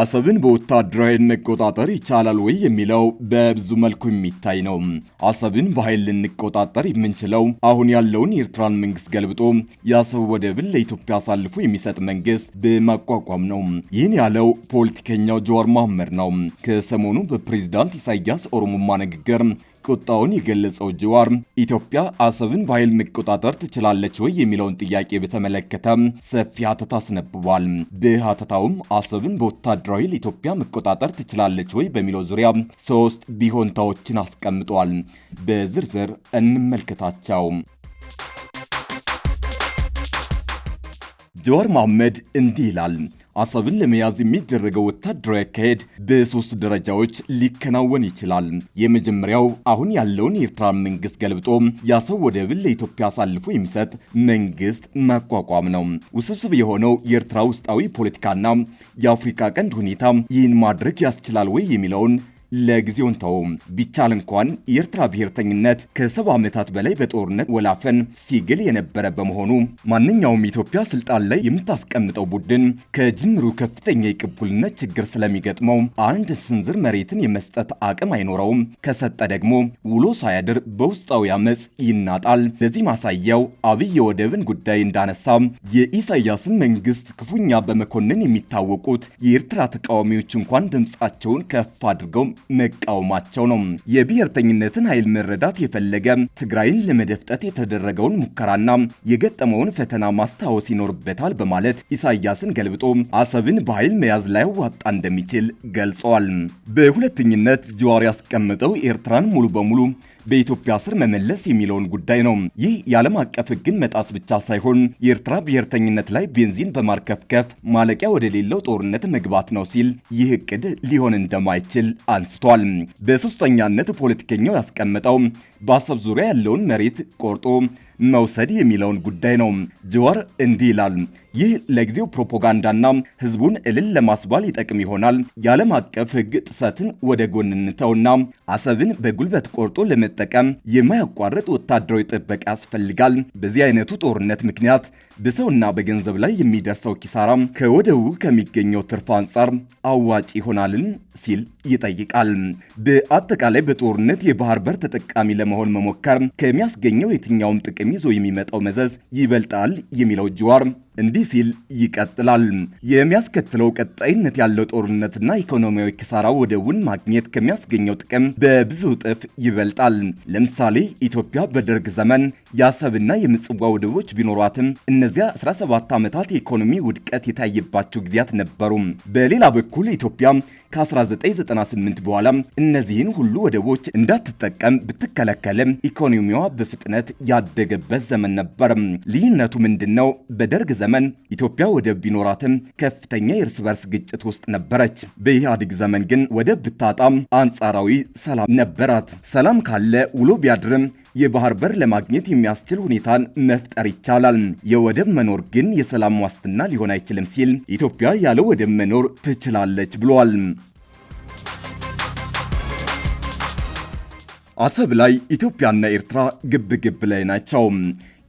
አሰብን በወታደራዊ መቆጣጠር ይቻላል ወይ የሚለው በብዙ መልኩ የሚታይ ነው። አሰብን በኃይል ልንቆጣጠር የምንችለው አሁን ያለውን የኤርትራን መንግስት ገልብጦ የአሰብ ወደብን ለኢትዮጵያ አሳልፎ የሚሰጥ መንግስት በማቋቋም ነው። ይህን ያለው ፖለቲከኛው ጀዋር መሐመድ ነው። ከሰሞኑ በፕሬዚዳንት ኢሳያስ ኦሮሞማ ንግግር ቁጣውን የገለጸው ጅዋር ኢትዮጵያ አሰብን በኃይል መቆጣጠር ትችላለች ወይ የሚለውን ጥያቄ በተመለከተ ሰፊ ሀተታ አስነብቧል። በሀተታውም አሰብን በወታደራዊ ኃይል ኢትዮጵያ መቆጣጠር ትችላለች ወይ በሚለው ዙሪያ ሶስት ቢሆንታዎችን አስቀምጧል። በዝርዝር እንመልከታቸው። ጀዋር መሐመድ እንዲህ ይላል። አሰብን ለመያዝ የሚደረገው ወታደራዊ አካሄድ በሶስት ደረጃዎች ሊከናወን ይችላል። የመጀመሪያው አሁን ያለውን የኤርትራ መንግስት ገልብጦ የአሰብ ወደብን ለኢትዮጵያ አሳልፎ የሚሰጥ መንግስት ማቋቋም ነው። ውስብስብ የሆነው የኤርትራ ውስጣዊ ፖለቲካና የአፍሪካ ቀንድ ሁኔታ ይህን ማድረግ ያስችላል ወይ የሚለውን ለጊዜው እንተው ቢቻል እንኳን የኤርትራ ብሔርተኝነት ከሰባ ዓመታት በላይ በጦርነት ወላፈን ሲግል የነበረ በመሆኑ ማንኛውም ኢትዮጵያ ስልጣን ላይ የምታስቀምጠው ቡድን ከጅምሩ ከፍተኛ የቅቡልነት ችግር ስለሚገጥመው አንድ ስንዝር መሬትን የመስጠት አቅም አይኖረውም። ከሰጠ ደግሞ ውሎ ሳያድር በውስጣዊ አመፅ ይናጣል። ለዚህ ማሳያው አብይ የወደብን ጉዳይ እንዳነሳ የኢሳያስን መንግስት ክፉኛ በመኮንን የሚታወቁት የኤርትራ ተቃዋሚዎች እንኳን ድምፃቸውን ከፍ አድርገው መቃወማቸው ነው። የብሔርተኝነትን ኃይል መረዳት የፈለገ ትግራይን ለመደፍጠት የተደረገውን ሙከራና የገጠመውን ፈተና ማስታወስ ይኖርበታል በማለት ኢሳያስን ገልብጦ አሰብን በኃይል መያዝ ላይ ዋጣ እንደሚችል ገልጸዋል። በሁለተኝነት ጅዋር ያስቀምጠው ኤርትራን ሙሉ በሙሉ በኢትዮጵያ ስር መመለስ የሚለውን ጉዳይ ነው። ይህ የዓለም አቀፍ ሕግን መጣስ ብቻ ሳይሆን የኤርትራ ብሔርተኝነት ላይ ቤንዚን በማርከፍከፍ ማለቂያ ወደሌለው ጦርነት መግባት ነው ሲል ይህ እቅድ ሊሆን እንደማይችል አንስቷል። በሶስተኛነት ፖለቲከኛው ያስቀመጠው በአሰብ ዙሪያ ያለውን መሬት ቆርጦ መውሰድ የሚለውን ጉዳይ ነው። ጀዋር እንዲህ ይላል። ይህ ለጊዜው ፕሮፓጋንዳና ህዝቡን እልል ለማስባል ይጠቅም ይሆናል። የዓለም አቀፍ ህግ ጥሰትን ወደ ጎን እንተውና አሰብን በጉልበት ቆርጦ ለመጠቀም የማያቋርጥ ወታደራዊ ጥበቃ ያስፈልጋል። በዚህ አይነቱ ጦርነት ምክንያት በሰውና በገንዘብ ላይ የሚደርሰው ኪሳራ ከወደቡ ከሚገኘው ትርፍ አንጻር አዋጭ ይሆናልን? ሲል ይጠይቃል። በአጠቃላይ በጦርነት የባህር በር ተጠቃሚ ለመሆን መሞከር ከሚያስገኘው የትኛውም ጥቅም ይዞ የሚመጣው መዘዝ ይበልጣል የሚለው ጅዋር እንዲህ ሲል ይቀጥላል። የሚያስከትለው ቀጣይነት ያለው ጦርነትና ኢኮኖሚያዊ ኪሳራ ወደቡን ማግኘት ከሚያስገኘው ጥቅም በብዙ እጥፍ ይበልጣል። ለምሳሌ ኢትዮጵያ በደርግ ዘመን የአሰብና የምጽዋ ወደቦች ቢኖሯትም እነዚያ 17 ዓመታት የኢኮኖሚ ውድቀት የታየባቸው ጊዜያት ነበሩ። በሌላ በኩል ኢትዮጵያ ከ1998 በኋላ እነዚህን ሁሉ ወደቦች እንዳትጠቀም ብትከለከልም ኢኮኖሚዋ በፍጥነት ያደገበት ዘመን ነበር። ልዩነቱ ምንድን ነው? በደርግ ዘመን ዘመን ኢትዮጵያ ወደብ ቢኖራትም ከፍተኛ የእርስ በርስ ግጭት ውስጥ ነበረች። በኢህአዴግ ዘመን ግን ወደብ ብታጣም አንጻራዊ ሰላም ነበራት። ሰላም ካለ ውሎ ቢያድርም የባህር በር ለማግኘት የሚያስችል ሁኔታን መፍጠር ይቻላል። የወደብ መኖር ግን የሰላም ዋስትና ሊሆን አይችልም ሲል ኢትዮጵያ ያለ ወደብ መኖር ትችላለች ብሏል። አሰብ ላይ ኢትዮጵያና ኤርትራ ግብ ግብ ላይ ናቸው።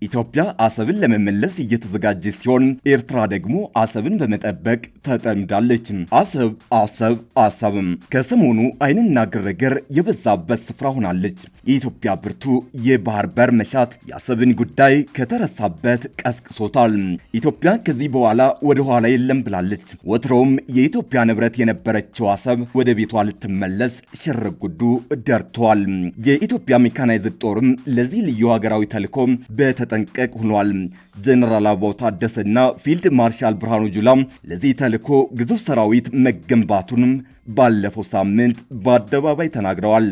ኢትዮጵያ አሰብን ለመመለስ እየተዘጋጀች ሲሆን ኤርትራ ደግሞ አሰብን በመጠበቅ ተጠምዳለች። አሰብ አሰብ አሰብም ከሰሞኑ አይንና ግርግር የበዛበት ስፍራ ሆናለች። የኢትዮጵያ ብርቱ የባህር በር መሻት የአሰብን ጉዳይ ከተረሳበት ቀስቅሶታል። ኢትዮጵያ ከዚህ በኋላ ወደ ኋላ የለም ብላለች። ወትሮውም የኢትዮጵያ ንብረት የነበረችው አሰብ ወደ ቤቷ ልትመለስ ሽርጉዱ ደርቷል። የኢትዮጵያ ሜካናይዝድ ጦርም ለዚህ ልዩ ሀገራዊ ተልዕኮ በተ ተጠንቀቅ ሆኗል። ጀነራል አበባው ታደሰና ፊልድ ማርሻል ብርሃኑ ጁላ ለዚህ ተልዕኮ ግዙፍ ሰራዊት መገንባቱንም ባለፈው ሳምንት በአደባባይ ተናግረዋል።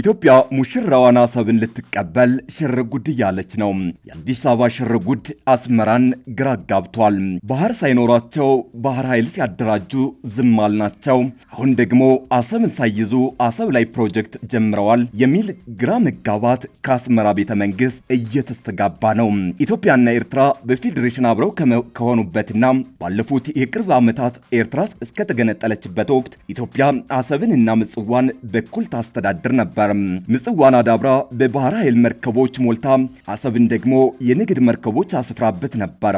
ኢትዮጵያ ሙሽራዋን አሰብን ልትቀበል ሽር ጉድ እያለች ነው። የአዲስ አበባ ሽር ጉድ አስመራን ግራ ጋብቷል። ባህር ሳይኖራቸው ባህር ኃይል ሲያደራጁ ዝም አልናቸው። አሁን ደግሞ አሰብን ሳይይዙ አሰብ ላይ ፕሮጀክት ጀምረዋል የሚል ግራ መጋባት ከአስመራ ቤተ መንግስት እየተስተጋባ ነው። ኢትዮጵያና ኤርትራ በፌዴሬሽን አብረው ከሆኑበትና ባለፉት የቅርብ ዓመታት ኤርትራ እስከተገነጠለችበት ወቅት ኢትዮጵያ ኢትዮጵያ አሰብን እና ምጽዋን በኩል ታስተዳድር ነበር። ምጽዋን አዳብራ በባህር ኃይል መርከቦች ሞልታ አሰብን ደግሞ የንግድ መርከቦች አስፍራበት ነበር።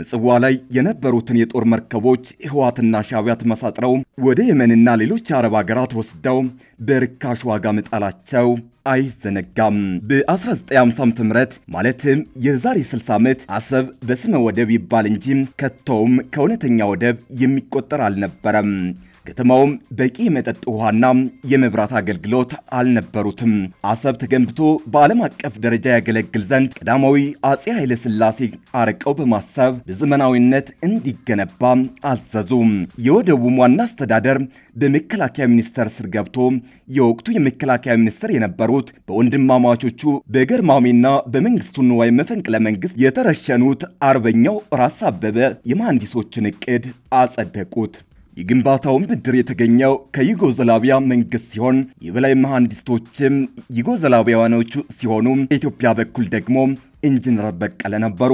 ምጽዋ ላይ የነበሩትን የጦር መርከቦች ህዋትና ሻቢያ ተመሳጥረው ወደ የመንና ሌሎች የአረብ ሀገራት ወስደው በርካሽ ዋጋ መጣላቸው አይዘነጋም። በ1950 ዓ.ም ማለትም የዛሬ 60 ዓመት አሰብ በስመ ወደብ ይባል እንጂ ከቶውም ከእውነተኛ ወደብ የሚቆጠር አልነበረም። ከተማውም በቂ የመጠጥ ውሃና የመብራት አገልግሎት አልነበሩትም። አሰብ ተገንብቶ በዓለም አቀፍ ደረጃ ያገለግል ዘንድ ቀዳማዊ አጼ ኃይለ ሥላሴ አርቀው በማሰብ በዘመናዊነት እንዲገነባ አዘዙ። የወደቡም ዋና አስተዳደር በመከላከያ ሚኒስቴር ስር ገብቶ የወቅቱ የመከላከያ ሚኒስትር የነበሩት በወንድማማቾቹ በገርማሜና በመንግስቱ ንዋይ መፈንቅለ መንግስት የተረሸኑት አርበኛው ራስ አበበ የመሐንዲሶችን እቅድ አጸደቁት። የግንባታውን ብድር የተገኘው ከዩጎዝላቪያ መንግስት ሲሆን የበላይ መሐንዲስቶችም ዩጎዝላቪያኖቹ ሲሆኑ በኢትዮጵያ በኩል ደግሞ ኢንጂነር በቀለ ነበሩ።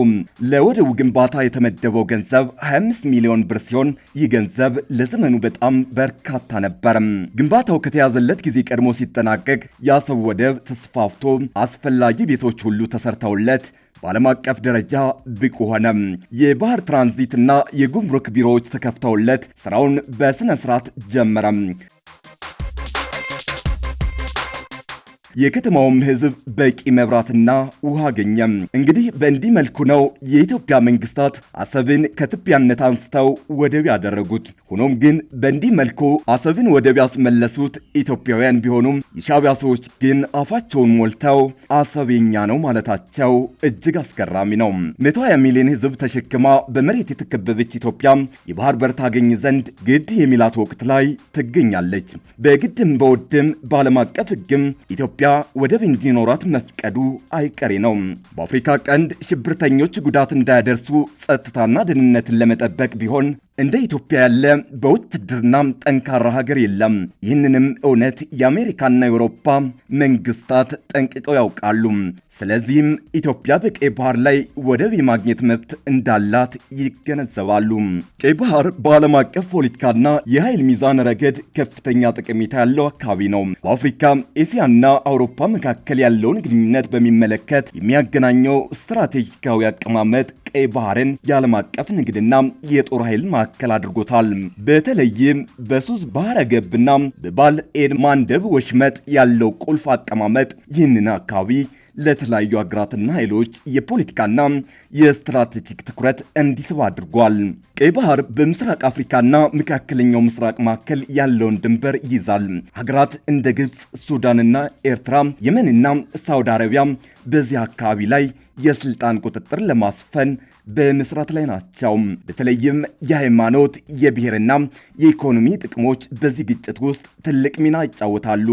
ለወደቡ ግንባታ የተመደበው ገንዘብ 25 ሚሊዮን ብር ሲሆን ይህ ገንዘብ ለዘመኑ በጣም በርካታ ነበር። ግንባታው ከተያዘለት ጊዜ ቀድሞ ሲጠናቀቅ የአሰብ ወደብ ተስፋፍቶ አስፈላጊ ቤቶች ሁሉ ተሰርተውለት በዓለም አቀፍ ደረጃ ብቁ ሆነ። የባህር ትራንዚትና የጉምሩክ ቢሮዎች ተከፍተውለት ስራውን በስነ ስርዓት ጀመረ። የከተማውም ህዝብ በቂ መብራትና ውሃ አገኘም። እንግዲህ በእንዲህ መልኩ ነው የኢትዮጵያ መንግስታት አሰብን ከትቢያነት አንስተው ወደብ ያደረጉት። ሆኖም ግን በእንዲህ መልኩ አሰብን ወደብ ያስመለሱት ኢትዮጵያውያን ቢሆኑም የሻቢያ ሰዎች ግን አፋቸውን ሞልተው አሰብ የኛ ነው ማለታቸው እጅግ አስገራሚ ነው። 120 ሚሊዮን ህዝብ ተሸክማ በመሬት የተከበበች ኢትዮጵያ የባህር በር ታገኝ ዘንድ ግድ የሚላት ወቅት ላይ ትገኛለች። በግድም በውድም በዓለም አቀፍ ህግም ኢትዮጵያ ኢትዮጵያ ወደብ እንዲኖራት መፍቀዱ አይቀሬ ነው። በአፍሪካ ቀንድ ሽብርተኞች ጉዳት እንዳያደርሱ ጸጥታና ደህንነትን ለመጠበቅ ቢሆን እንደ ኢትዮጵያ ያለ በውትድርና ጠንካራ ሀገር የለም። ይህንንም እውነት የአሜሪካና የአውሮፓ መንግስታት ጠንቅቀው ያውቃሉ። ስለዚህም ኢትዮጵያ በቀይ ባህር ላይ ወደብ የማግኘት መብት እንዳላት ይገነዘባሉ። ቀይ ባህር በዓለም አቀፍ ፖለቲካና የኃይል ሚዛን ረገድ ከፍተኛ ጠቀሜታ ያለው አካባቢ ነው። በአፍሪካ ኤስያና አውሮፓ መካከል ያለውን ግንኙነት በሚመለከት የሚያገናኘው ስትራቴጂካዊ አቀማመጥ ቀይ ባህርን የዓለም አቀፍ ንግድና የጦር ኃይል ማዕከል አድርጎታል። በተለይም በሱዝ ባህረ ገብና በባል ኤድ ማንደብ ወሽመጥ ያለው ቁልፍ አቀማመጥ ይህንን አካባቢ ለተለያዩ ሀገራትና ኃይሎች የፖለቲካና የስትራቴጂክ ትኩረት እንዲስብ አድርጓል። ቀይ ባህር በምስራቅ አፍሪካና መካከለኛው ምስራቅ መካከል ያለውን ድንበር ይይዛል። ሀገራት እንደ ግብፅ፣ ሱዳንና ኤርትራ፣ የመንና ሳውዲ አረቢያ በዚህ አካባቢ ላይ የስልጣን ቁጥጥር ለማስፈን በመስራት ላይ ናቸው። በተለይም የሃይማኖት የብሔርና የኢኮኖሚ ጥቅሞች በዚህ ግጭት ውስጥ ትልቅ ሚና ይጫወታሉ።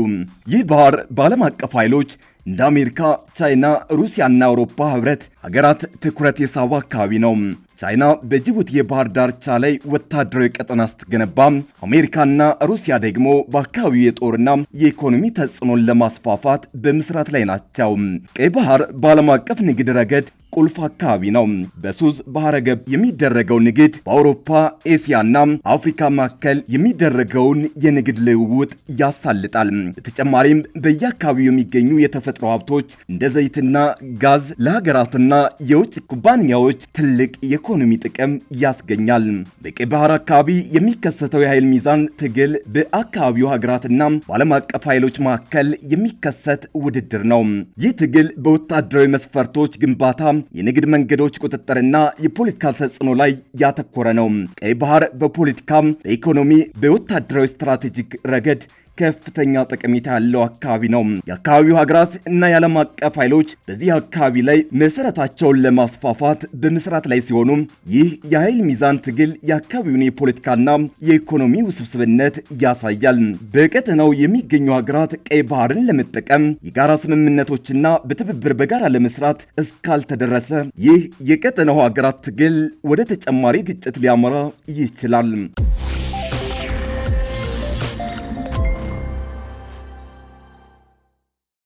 ይህ ባህር በዓለም አቀፍ ኃይሎች እንደ አሜሪካ፣ ቻይና፣ ሩሲያና አውሮፓ ህብረት ሀገራት ትኩረት የሳበ አካባቢ ነው። ቻይና በጅቡቲ የባህር ዳርቻ ላይ ወታደራዊ ቀጠና ስትገነባ፣ አሜሪካና ሩሲያ ደግሞ በአካባቢው የጦርና የኢኮኖሚ ተጽዕኖን ለማስፋፋት በምስራት ላይ ናቸው። ቀይ ባህር በዓለም አቀፍ ንግድ ረገድ ቁልፍ አካባቢ ነው። በሱዝ ባህረ ገብ የሚደረገው ንግድ በአውሮፓ ኤስያና አፍሪካ መካከል የሚደረገውን የንግድ ልውውጥ ያሳልጣል። በተጨማሪም በየአካባቢው የሚገኙ የተፈ የተፈጥሮ ሀብቶች እንደ ዘይትና ጋዝ ለሀገራትና የውጭ ኩባንያዎች ትልቅ የኢኮኖሚ ጥቅም ያስገኛል። በቀይ ባህር አካባቢ የሚከሰተው የኃይል ሚዛን ትግል በአካባቢው ሀገራትና በዓለም አቀፍ ኃይሎች መካከል የሚከሰት ውድድር ነው። ይህ ትግል በወታደራዊ መስፈርቶች ግንባታ፣ የንግድ መንገዶች ቁጥጥርና የፖለቲካ ተጽዕኖ ላይ ያተኮረ ነው። ቀይ ባህር በፖለቲካ፣ በኢኮኖሚ፣ በወታደራዊ ስትራቴጂክ ረገድ ከፍተኛ ጠቀሜታ ያለው አካባቢ ነው። የአካባቢው ሀገራት እና የዓለም አቀፍ ኃይሎች በዚህ አካባቢ ላይ መሰረታቸውን ለማስፋፋት በመስራት ላይ ሲሆኑ ይህ የኃይል ሚዛን ትግል የአካባቢውን የፖለቲካና የኢኮኖሚ ውስብስብነት ያሳያል። በቀጠናው የሚገኙ ሀገራት ቀይ ባህርን ለመጠቀም የጋራ ስምምነቶችና በትብብር በጋራ ለመስራት እስካልተደረሰ ይህ የቀጠናው ሀገራት ትግል ወደ ተጨማሪ ግጭት ሊያመራ ይችላል።